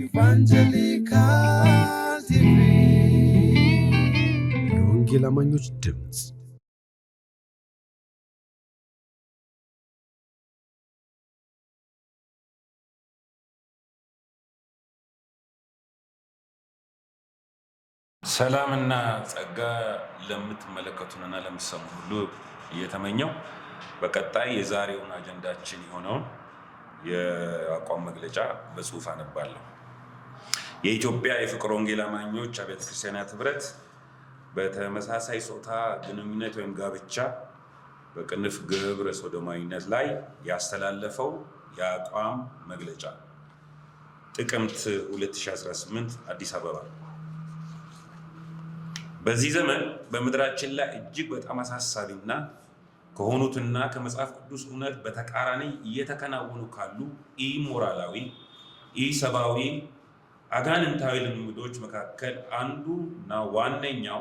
ኢቫንጀሊካል ቲቪ የወንጌል አማኞች ድምፅ ሰላምና ጸጋ ለምትመለከቱንና ለምትሰሙ ሁሉ እየተመኘው በቀጣይ የዛሬውን አጀንዳችን የሆነውን የአቋም መግለጫ በጽሁፍ አነባለሁ። የኢትዮጵያ የፍቅር ወንጌል አማኞች አብያተ ክርስቲያናት ህብረት በተመሳሳይ ጾታ ግንኙነት ወይም ጋብቻ በቅንፍ ግብረ ሶዶማዊነት ላይ ያስተላለፈው የአቋም መግለጫ ጥቅምት 2018 አዲስ አበባ። በዚህ ዘመን በምድራችን ላይ እጅግ በጣም አሳሳቢና ከሆኑትና ከመጽሐፍ ቅዱስ እውነት በተቃራኒ እየተከናወኑ ካሉ ኢሞራላዊ ኢሰብአዊ አጋንንታዊ ልምምዶች መካከል አንዱና ዋነኛው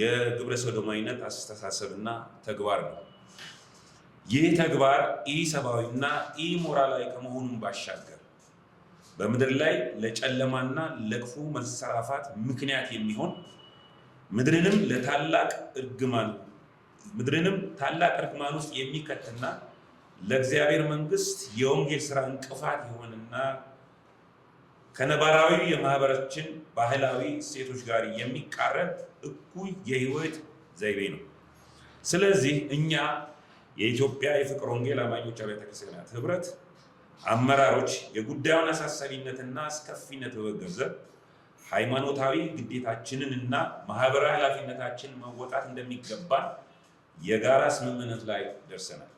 የግብረ ሰዶማዊነት አስተሳሰብና ተግባር ነው። ይህ ተግባር ኢሰብአዊና ኢሞራላዊ ከመሆኑን ባሻገር በምድር ላይ ለጨለማና ለክፉ መሰራፋት ምክንያት የሚሆን ምድርንም ለታላቅ እርግማን ምድርንም ታላቅ እርግማን ውስጥ የሚከትና ለእግዚአብሔር መንግስት የወንጌል ስራ እንቅፋት የሆነና ከነባራዊ የማህበራችን ባህላዊ እሴቶች ጋር የሚቃረን እኩይ የህይወት ዘይቤ ነው። ስለዚህ እኛ የኢትዮጵያ የፍቅር ወንጌል አማኞች አብያተ ክርስቲያናት ህብረት አመራሮች የጉዳዩን አሳሳቢነትና አስከፊነት በመገንዘብ ሃይማኖታዊ ግዴታችንን እና ማህበራዊ ኃላፊነታችንን መወጣት እንደሚገባን የጋራ ስምምነት ላይ ደርሰናል።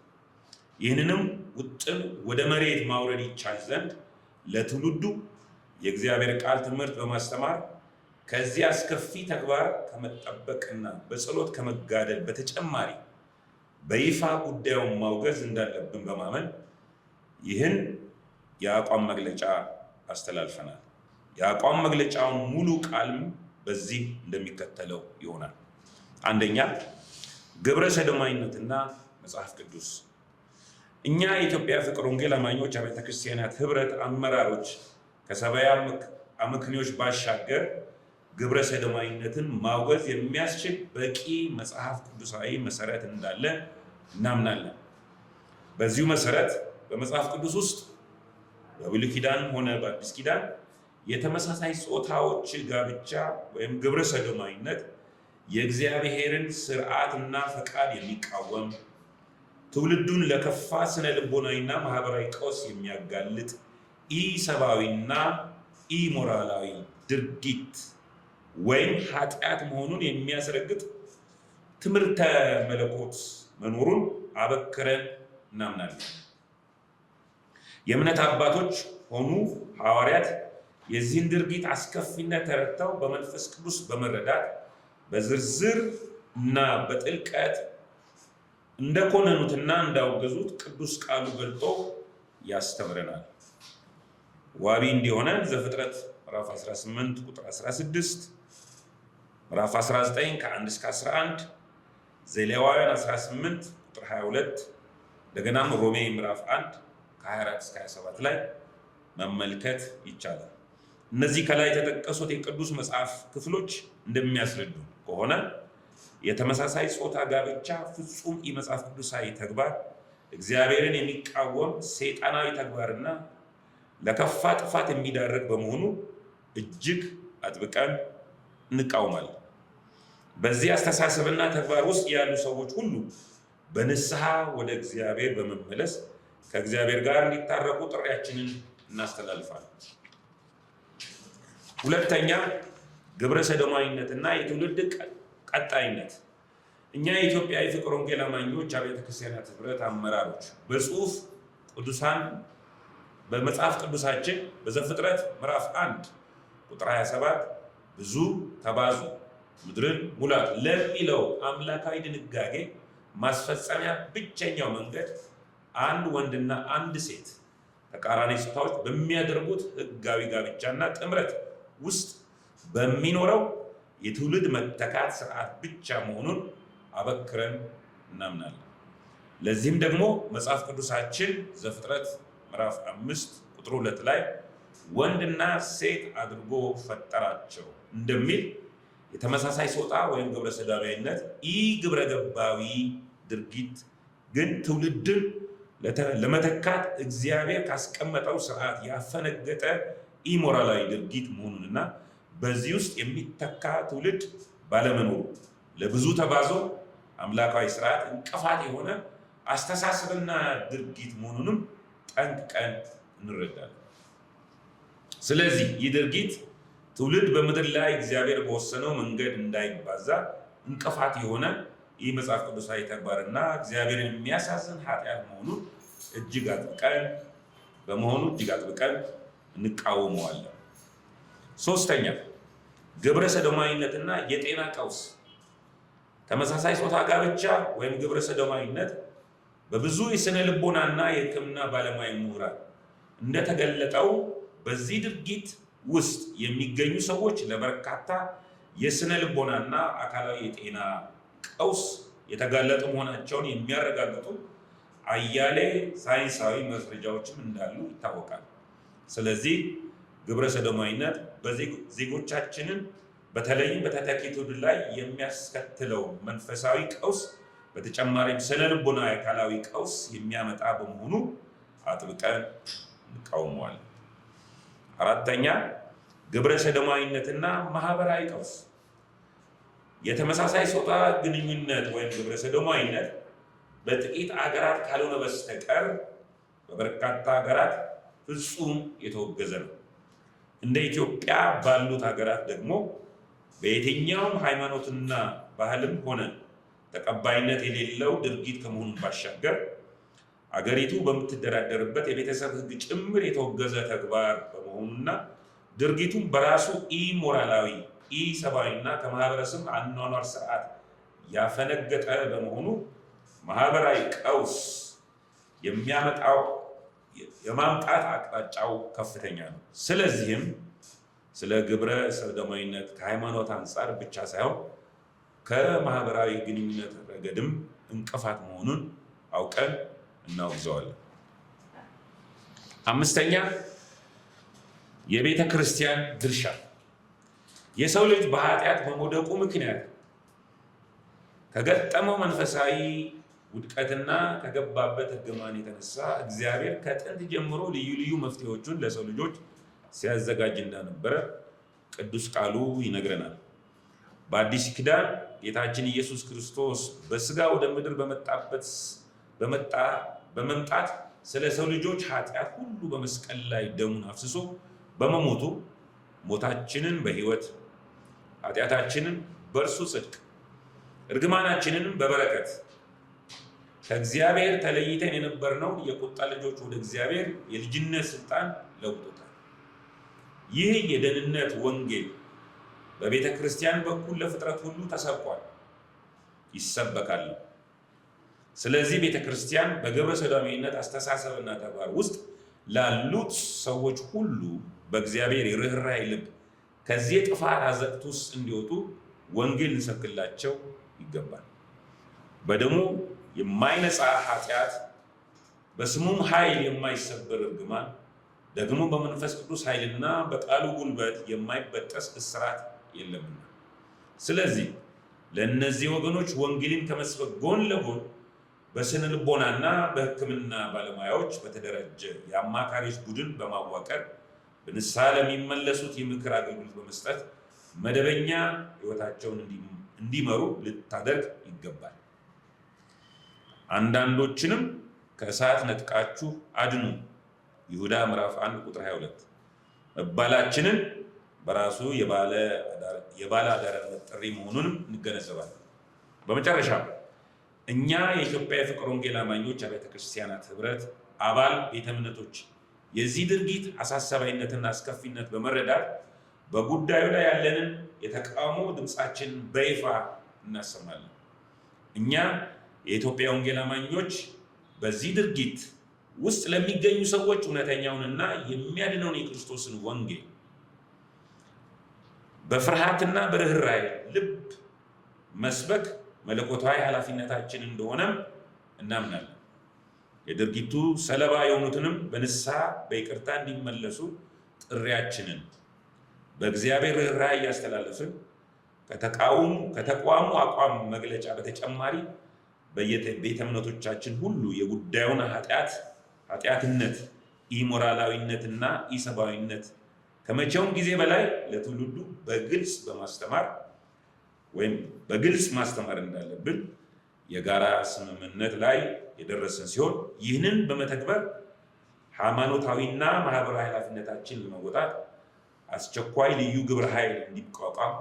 ይህንንም ውጥን ወደ መሬት ማውረድ ይቻል ዘንድ ለትውልዱ የእግዚአብሔር ቃል ትምህርት በማስተማር ከዚህ አስከፊ ተግባር ከመጠበቅና በጸሎት ከመጋደል በተጨማሪ በይፋ ጉዳዩን ማውገዝ እንዳለብን በማመን ይህን የአቋም መግለጫ አስተላልፈናል። የአቋም መግለጫውን ሙሉ ቃልም በዚህ እንደሚከተለው ይሆናል። አንደኛ፣ ግብረ ሰዶማዊነትና መጽሐፍ ቅዱስ። እኛ የኢትዮጵያ ፍቅር ወንጌል አማኞች አብያተ ክርስቲያናት ህብረት አመራሮች ከሰብአዊ አመክንዮች ባሻገር ግብረ ሰዶማዊነትን ማውገዝ የሚያስችል በቂ መጽሐፍ ቅዱሳዊ መሰረት እንዳለ እናምናለን። በዚሁ መሰረት በመጽሐፍ ቅዱስ ውስጥ በብሉይ ኪዳን ሆነ በአዲስ ኪዳን የተመሳሳይ ጾታዎች ጋብቻ ወይም ግብረ ሰዶማዊነት የእግዚአብሔርን ስርዓትና ፈቃድ የሚቃወም ትውልዱን ለከፋ ስነ ልቦናዊና ማህበራዊ ቀውስ የሚያጋልጥ ኢሰብአዊና ኢሞራላዊ ድርጊት ወይም ኃጢአት መሆኑን የሚያስረግጥ ትምህርተ መለኮት መኖሩን አበክረን እናምናለን። የእምነት አባቶች ሆኑ ሐዋርያት የዚህን ድርጊት አስከፊነት ተረድተው በመንፈስ ቅዱስ በመረዳት በዝርዝር እና በጥልቀት እንደኮነኑትና እንዳወገዙት ቅዱስ ቃሉ ገልጦ ያስተምረናል። ዋቢ እንዲሆነ ዘፍጥረት ምዕራፍ 18 ቁጥር 16፣ ምዕራፍ 19 ከ1 እስከ 11፣ ዘሌዋውያን 18 ቁጥር 22 እንደገናም ሮሜ ምዕራፍ 1 ከ24 እስከ 27 ላይ መመልከት ይቻላል። እነዚህ ከላይ የተጠቀሱት የቅዱስ መጽሐፍ ክፍሎች እንደሚያስረዱ ከሆነ የተመሳሳይ ጾታ ጋብቻ ፍጹም የመጽሐፍ ቅዱሳዊ ተግባር፣ እግዚአብሔርን የሚቃወም ሰይጣናዊ ተግባርና ለከፋ ጥፋት የሚዳረግ በመሆኑ እጅግ አጥብቀን እንቃውማለን። በዚህ አስተሳሰብና ተግባር ውስጥ ያሉ ሰዎች ሁሉ በንስሐ ወደ እግዚአብሔር በመመለስ ከእግዚአብሔር ጋር እንዲታረቁ ጥሪያችንን እናስተላልፋለን። ሁለተኛ ግብረ ሰዶማዊነትና የትውልድ ቀጣይነት። እኛ የኢትዮጵያ የፍቅር ወንጌል አማኞች አብያተ ክርስቲያናት ህብረት አመራሮች በጽሁፍ ቅዱሳን በመጽሐፍ ቅዱሳችን በዘፍጥረት ምዕራፍ 1 ቁጥር 27 ብዙ ተባዙ ምድርን ሙላት ለሚለው አምላካዊ ድንጋጌ ማስፈጸሚያ ብቸኛው መንገድ አንድ ወንድና አንድ ሴት ተቃራኒ ጾታዎች በሚያደርጉት ህጋዊ ጋብቻና ጥምረት ውስጥ በሚኖረው የትውልድ መተካት ስርዓት ብቻ መሆኑን አበክረን እናምናለን። ለዚህም ደግሞ መጽሐፍ ቅዱሳችን ዘፍጥረት ምዕራፍ አምስት ቁጥር ሁለት ላይ ወንድና ሴት አድርጎ ፈጠራቸው እንደሚል የተመሳሳይ ሶጣ ወይም ግብረ ሥጋዊነት ኢ ግብረ ገባዊ ድርጊት ግን ትውልድን ለመተካት እግዚአብሔር ካስቀመጠው ስርዓት ያፈነገጠ ኢሞራላዊ ድርጊት መሆኑንና በዚህ ውስጥ የሚተካ ትውልድ ባለመኖሩ ለብዙ ተባዞ አምላካዊ ስርዓት እንቅፋት የሆነ አስተሳሰብና ድርጊት መሆኑንም ጠንቅቀን እንረዳለን። ስለዚህ ይህ ድርጊት ትውልድ በምድር ላይ እግዚአብሔር በወሰነው መንገድ እንዳይባዛ እንቅፋት የሆነ ይህ መጽሐፍ ቅዱሳዊ ተግባርና እግዚአብሔርን የሚያሳዝን ኃጢአት መሆኑን እጅግ አጥብቀን በመሆኑ እጅግ አጥብቀን እንቃወመዋለን። ሶስተኛ ግብረ ሰዶማዊነትና የጤና ቀውስ ተመሳሳይ ጾታ ጋብቻ ወይም ግብረ ሰዶማዊነት በብዙ የስነ ልቦናና የሕክምና ባለሙያ ምሁራን እንደተገለጠው በዚህ ድርጊት ውስጥ የሚገኙ ሰዎች ለበርካታ የስነ ልቦናና አካላዊ የጤና ቀውስ የተጋለጡ መሆናቸውን የሚያረጋግጡ አያሌ ሳይንሳዊ መረጃዎችም እንዳሉ ይታወቃል። ስለዚህ ግብረ ሰዶማዊነት በዜጎቻችንን በተለይም በተተኪ ላይ የሚያስከትለው መንፈሳዊ ቀውስ በተጨማሪም ስነ ልቦና አካላዊ ቀውስ የሚያመጣ በመሆኑ አጥብቀን እንቃወመዋለን። አራተኛ ግብረ ሰዶማዊነትና ማህበራዊ ቀውስ የተመሳሳይ ጾታ ግንኙነት ወይም ግብረ ሰዶማዊነት በጥቂት አገራት ካልሆነ በስተቀር በበርካታ ሀገራት ፍጹም የተወገዘ ነው። እንደ ኢትዮጵያ ባሉት ሀገራት ደግሞ በየትኛውም ሃይማኖትና ባህልም ሆነ ተቀባይነት የሌለው ድርጊት ከመሆኑ ባሻገር አገሪቱ በምትደራደርበት የቤተሰብ ሕግ ጭምር የተወገዘ ተግባር በመሆኑና ድርጊቱም በራሱ ኢሞራላዊ፣ ኢሰብአዊና ከማህበረሰብ አኗኗር ስርዓት ያፈነገጠ በመሆኑ ማህበራዊ ቀውስ የሚያመጣው የማምጣት አቅጣጫው ከፍተኛ ነው። ስለዚህም ስለ ግብረ ሰዶማዊነት ከሃይማኖት አንጻር ብቻ ሳይሆን ከማህበራዊ ግንኙነት ረገድም እንቅፋት መሆኑን አውቀን እናወግዘዋለን። አምስተኛ የቤተ ክርስቲያን ድርሻ የሰው ልጅ በኃጢአት በመውደቁ ምክንያት ከገጠመው መንፈሳዊ ውድቀትና ከገባበት እርግማን የተነሳ እግዚአብሔር ከጥንት ጀምሮ ልዩ ልዩ መፍትሄዎቹን ለሰው ልጆች ሲያዘጋጅ እንደነበረ ቅዱስ ቃሉ ይነግረናል። በአዲስ ኪዳን ጌታችን ኢየሱስ ክርስቶስ በስጋ ወደ ምድር በመጣበት በመጣ በመምጣት ስለ ሰው ልጆች ኃጢአት ሁሉ በመስቀል ላይ ደሙን አፍስሶ በመሞቱ ሞታችንን በህይወት ኃጢአታችንን በእርሱ ጽድቅ እርግማናችንንም በበረከት ከእግዚአብሔር ተለይተን የነበርነውን የቁጣ ልጆች ወደ እግዚአብሔር የልጅነት ስልጣን ለውጦታል። ይህ የደህንነት ወንጌል በቤተ ክርስቲያን በኩል ለፍጥረት ሁሉ ተሰብኳል፣ ይሰበካል። ስለዚህ ቤተ ክርስቲያን በግብረ ሰዶማዊነት አስተሳሰብና ተግባር ውስጥ ላሉት ሰዎች ሁሉ በእግዚአብሔር የርኅራኄ ልብ ከዚህ ጥፋት አዘቅት ውስጥ እንዲወጡ ወንጌል ልንሰብክላቸው ይገባል። በደሙ የማይነጻ ኃጢአት፣ በስሙም ኃይል የማይሰበር እርግማን፣ ደግሞ በመንፈስ ቅዱስ ኃይልና በቃሉ ጉልበት የማይበጠስ እስራት የለምና። ስለዚህ ለእነዚህ ወገኖች ወንጌልን ከመስበክ ጎን ለጎን በስነ ልቦናና በሕክምና ባለሙያዎች በተደራጀ የአማካሪዎች ቡድን በማዋቀር በንስሐ ለሚመለሱት የምክር አገልግሎት በመስጠት መደበኛ ህይወታቸውን እንዲመሩ ልታደርግ ይገባል። አንዳንዶችንም ከእሳት ነጥቃችሁ አድኑ፣ ይሁዳ ምዕራፍ 1 ቁጥር 22 መባላችንን በራሱ የባለ አዳሪነት ጥሪ መሆኑንም እንገነዘባለን። በመጨረሻ እኛ የኢትዮጵያ የፍቅር ወንጌል አማኞች አብያተ ክርስቲያናት ህብረት አባል ቤተ እምነቶች የዚህ ድርጊት አሳሰባይነትና አስከፊነት በመረዳት በጉዳዩ ላይ ያለንን የተቃውሞ ድምፃችንን በይፋ እናሰማለን። እኛ የኢትዮጵያ ወንጌል አማኞች በዚህ ድርጊት ውስጥ ለሚገኙ ሰዎች እውነተኛውንና የሚያድነውን የክርስቶስን ወንጌል በፍርሃትና በርኅራኄ ልብ መስበክ መለኮታዊ ኃላፊነታችን እንደሆነም እናምናለን። የድርጊቱ ሰለባ የሆኑትንም በንስሐ በይቅርታ እንዲመለሱ ጥሪያችንን በእግዚአብሔር ርኅራኄ እያስተላለፍን ከተቋሙ አቋም መግለጫ በተጨማሪ በየቤተ እምነቶቻችን ሁሉ የጉዳዩን ኃጢአትነት፣ ኢሞራላዊነትና ኢሰብአዊነት ከመቼውም ጊዜ በላይ ለትውልዱ በግልጽ በማስተማር ወይም በግልጽ ማስተማር እንዳለብን የጋራ ስምምነት ላይ የደረሰን ሲሆን ይህንን በመተግበር ሃይማኖታዊና ማህበራዊ ኃላፊነታችን ለመወጣት አስቸኳይ ልዩ ግብረ ኃይል እንዲቋቋም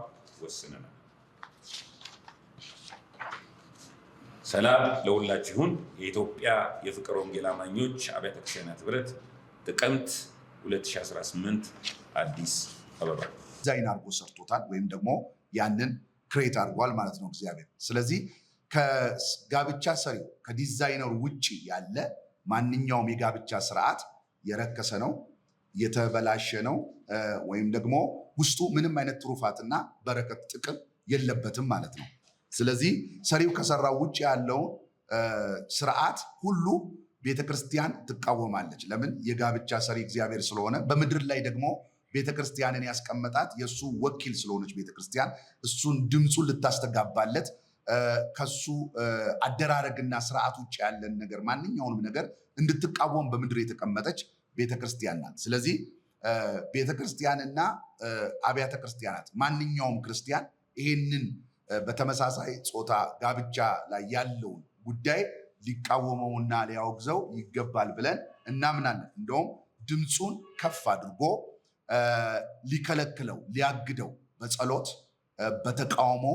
ወስነናል። ሰላም ይሁን። የኢትዮጵያ የፍቅር ወንጌል አማኞች አብያተ ክርስቲያናት ኅብረት ጥቅምት 2018 አዲስ አበባ ዲዛይን አድርጎ ሰርቶታል ወይም ደግሞ ያንን ክሬት አድርጓል ማለት ነው እግዚአብሔር። ስለዚህ ከጋብቻ ሰሪው ከዲዛይነሩ ውጭ ያለ ማንኛውም የጋብቻ ስርዓት የረከሰ ነው፣ የተበላሸ ነው፣ ወይም ደግሞ ውስጡ ምንም አይነት ትሩፋትና በረከት ጥቅም የለበትም ማለት ነው። ስለዚህ ሰሪው ከሰራው ውጭ ያለው ስርዓት ሁሉ ቤተክርስቲያን ትቃወማለች። ለምን? የጋብቻ ሰሪ እግዚአብሔር ስለሆነ በምድር ላይ ደግሞ ቤተክርስቲያንን ያስቀመጣት የእሱ ወኪል ስለሆነች ቤተክርስቲያን እሱን ድምፁን ልታስተጋባለት ከሱ አደራረግና ስርዓት ውጭ ያለን ነገር ማንኛውንም ነገር እንድትቃወም በምድር የተቀመጠች ቤተክርስቲያን ናት። ስለዚህ ቤተክርስቲያንና አብያተ ክርስቲያናት ማንኛውም ክርስቲያን ይሄንን በተመሳሳይ ጾታ ጋብቻ ላይ ያለውን ጉዳይ ሊቃወመውና ሊያወግዘው ይገባል ብለን እናምናለን። እንደውም ድምፁን ከፍ አድርጎ ሊከለክለው ሊያግደው በጸሎት በተቃውሞ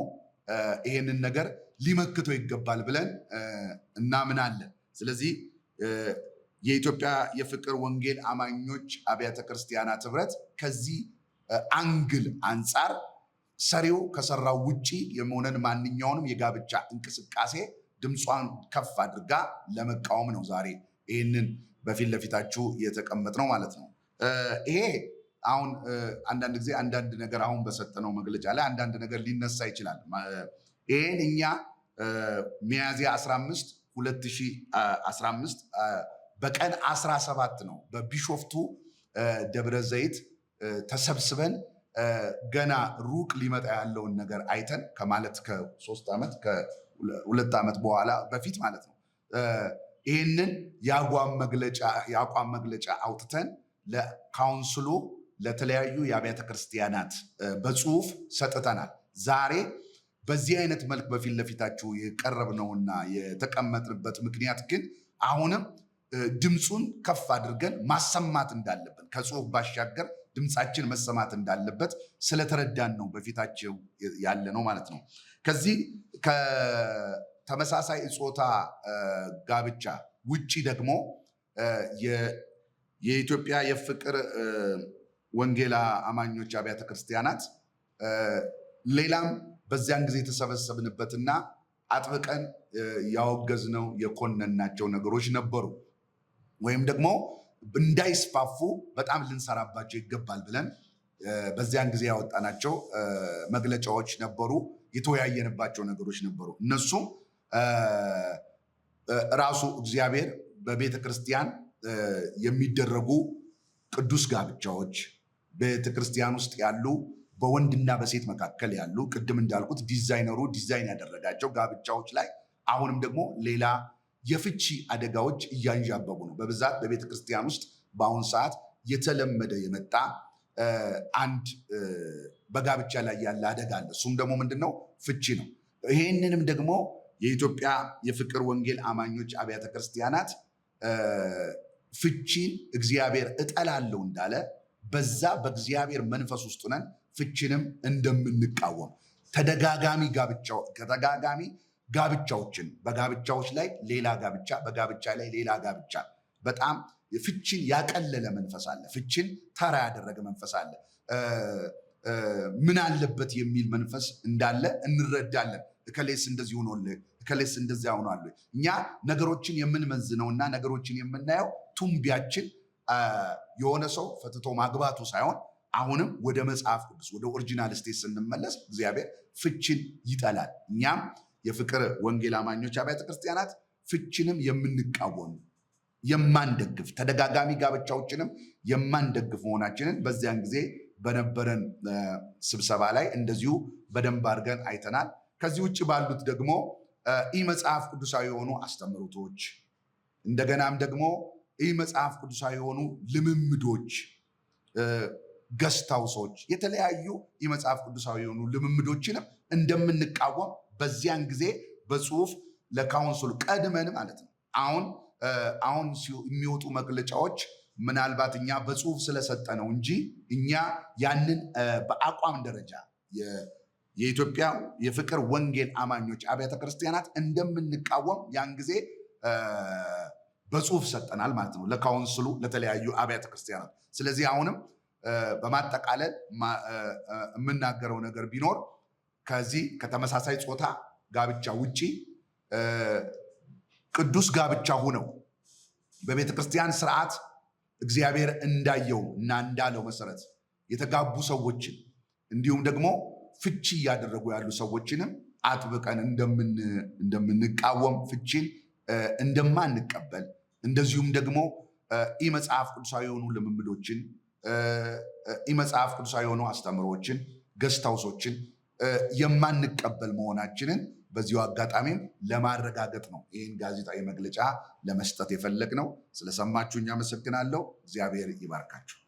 ይሄንን ነገር ሊመክተው ይገባል ብለን እናምናለን። ስለዚህ የኢትዮጵያ የፍቅር ወንጌል አማኞች አብያተ ክርስቲያናት ህብረት ከዚህ አንግል አንጻር ሰሪው ከሰራው ውጪ የመሆነን ማንኛውንም የጋብቻ እንቅስቃሴ ድምጿን ከፍ አድርጋ ለመቃወም ነው ዛሬ ይህንን በፊት ለፊታችሁ ነው ማለት ነው ይሄ አሁን አንዳንድ ጊዜ አንዳንድ ነገር አሁን በሰጠነው መግለጫ ላይ አንዳንድ ነገር ሊነሳ ይችላል። ይህን እኛ ሚያዚያ 15 2015 በቀን 17 ነው በቢሾፍቱ ደብረ ዘይት ተሰብስበን ገና ሩቅ ሊመጣ ያለውን ነገር አይተን ከማለት ከሶስት ዓመት ከሁለት ዓመት በኋላ በፊት ማለት ነው ይህንን የአቋም መግለጫ አውጥተን ለካውንስሉ ለተለያዩ የአብያተ ክርስቲያናት በጽሁፍ ሰጥተናል። ዛሬ በዚህ አይነት መልክ በፊት ለፊታችሁ የቀረብነውና የተቀመጥንበት ምክንያት ግን አሁንም ድምፁን ከፍ አድርገን ማሰማት እንዳለብን ከጽሁፍ ባሻገር ድምፃችን መሰማት እንዳለበት ስለተረዳን ነው በፊታቸው ያለ ነው ማለት ነው። ከዚህ ከተመሳሳይ እጾታ ጋብቻ ውጪ ደግሞ የኢትዮጵያ የፍቅር ወንጌላ አማኞች አብያተ ክርስቲያናት ሌላም በዚያን ጊዜ የተሰበሰብንበትና አጥብቀን ያወገዝነው የኮነናቸው ነገሮች ነበሩ ወይም ደግሞ እንዳይስፋፉ በጣም ልንሰራባቸው ይገባል ብለን በዚያን ጊዜ ያወጣናቸው መግለጫዎች ነበሩ። የተወያየንባቸው ነገሮች ነበሩ። እነሱም ራሱ እግዚአብሔር በቤተ ክርስቲያን የሚደረጉ ቅዱስ ጋብቻዎች ቤተክርስቲያን ውስጥ ያሉ በወንድና በሴት መካከል ያሉ ቅድም እንዳልኩት ዲዛይነሩ ዲዛይን ያደረጋቸው ጋብቻዎች ላይ አሁንም ደግሞ ሌላ የፍቺ አደጋዎች እያንዣበቡ ነው። በብዛት በቤተ ክርስቲያን ውስጥ በአሁኑ ሰዓት የተለመደ የመጣ አንድ በጋብቻ ላይ ያለ አደጋ አለ። እሱም ደግሞ ምንድነው? ፍቺ ነው። ይህንንም ደግሞ የኢትዮጵያ የፍቅር ወንጌል አማኞች አብያተ ክርስቲያናት ፍቺን እግዚአብሔር እጠላለው እንዳለ በዛ በእግዚአብሔር መንፈስ ውስጥ ነን ፍችንም እንደምንቃወም ተደጋጋሚ ተደጋጋሚ ጋብቻዎችን በጋብቻዎች ላይ ሌላ ጋብቻ በጋብቻ ላይ ሌላ ጋብቻ በጣም ፍችን ያቀለለ መንፈስ አለ። ፍችን ተራ ያደረገ መንፈስ አለ። ምን አለበት የሚል መንፈስ እንዳለ እንረዳለን። እከሌስ እንደዚህ ሆኖልህ፣ እከሌስ እንደዚያ አሉ። እኛ ነገሮችን የምንመዝነውና ነገሮችን የምናየው ቱምቢያችን የሆነ ሰው ፈትቶ ማግባቱ ሳይሆን አሁንም ወደ መጽሐፍ ቅዱስ ወደ ኦሪጂናል ስቴት ስንመለስ እግዚአብሔር ፍችን ይጠላል። እኛም የፍቅር ወንጌል አማኞች አብያተ ክርስቲያናት ፍችንም የምንቃወሙ የማንደግፍ ተደጋጋሚ ጋብቻዎችንም የማንደግፍ መሆናችንን በዚያን ጊዜ በነበረን ስብሰባ ላይ እንደዚሁ በደንብ አድርገን አይተናል። ከዚህ ውጭ ባሉት ደግሞ ኢ መጽሐፍ ቅዱሳዊ የሆኑ አስተምሮቶች እንደገናም ደግሞ ይህ መጽሐፍ ቅዱሳዊ የሆኑ ልምምዶች ገስታው ሰዎች የተለያዩ የመጽሐፍ ቅዱሳዊ የሆኑ ልምምዶችንም እንደምንቃወም በዚያን ጊዜ በጽሁፍ ለካውንስሉ ቀድመን ማለት ነው። አሁን አሁን የሚወጡ መግለጫዎች ምናልባት እኛ በጽሁፍ ስለሰጠ ነው እንጂ እኛ ያንን በአቋም ደረጃ የኢትዮጵያ የፍቅር ወንጌል አማኞች አብያተ ክርስቲያናት እንደምንቃወም ያን ጊዜ በጽሁፍ ሰጠናል ማለት ነው ለካውንስሉ ለተለያዩ አብያተ ክርስቲያናት። ስለዚህ አሁንም በማጠቃለል የምናገረው ነገር ቢኖር ከዚህ ከተመሳሳይ ጾታ ጋብቻ ውጪ ቅዱስ ጋብቻ ሁነው በቤተ ክርስቲያን ስርዓት እግዚአብሔር እንዳየው እና እንዳለው መሰረት የተጋቡ ሰዎችን እንዲሁም ደግሞ ፍቺ እያደረጉ ያሉ ሰዎችንም አጥብቀን እንደምንቃወም ፍቺን እንደማንቀበል እንደዚሁም ደግሞ ኢመጽሐፍ ቅዱሳዊ የሆኑ ልምምዶችን ኢመጽሐፍ ቅዱሳዊ የሆኑ አስተምሮዎችን ገስታውሶችን የማንቀበል መሆናችንን በዚሁ አጋጣሚም ለማረጋገጥ ነው ይህን ጋዜጣዊ መግለጫ ለመስጠት የፈለግ ነው። ስለሰማችሁ እኛ አመሰግናለሁ። እግዚአብሔር ይባርካችሁ።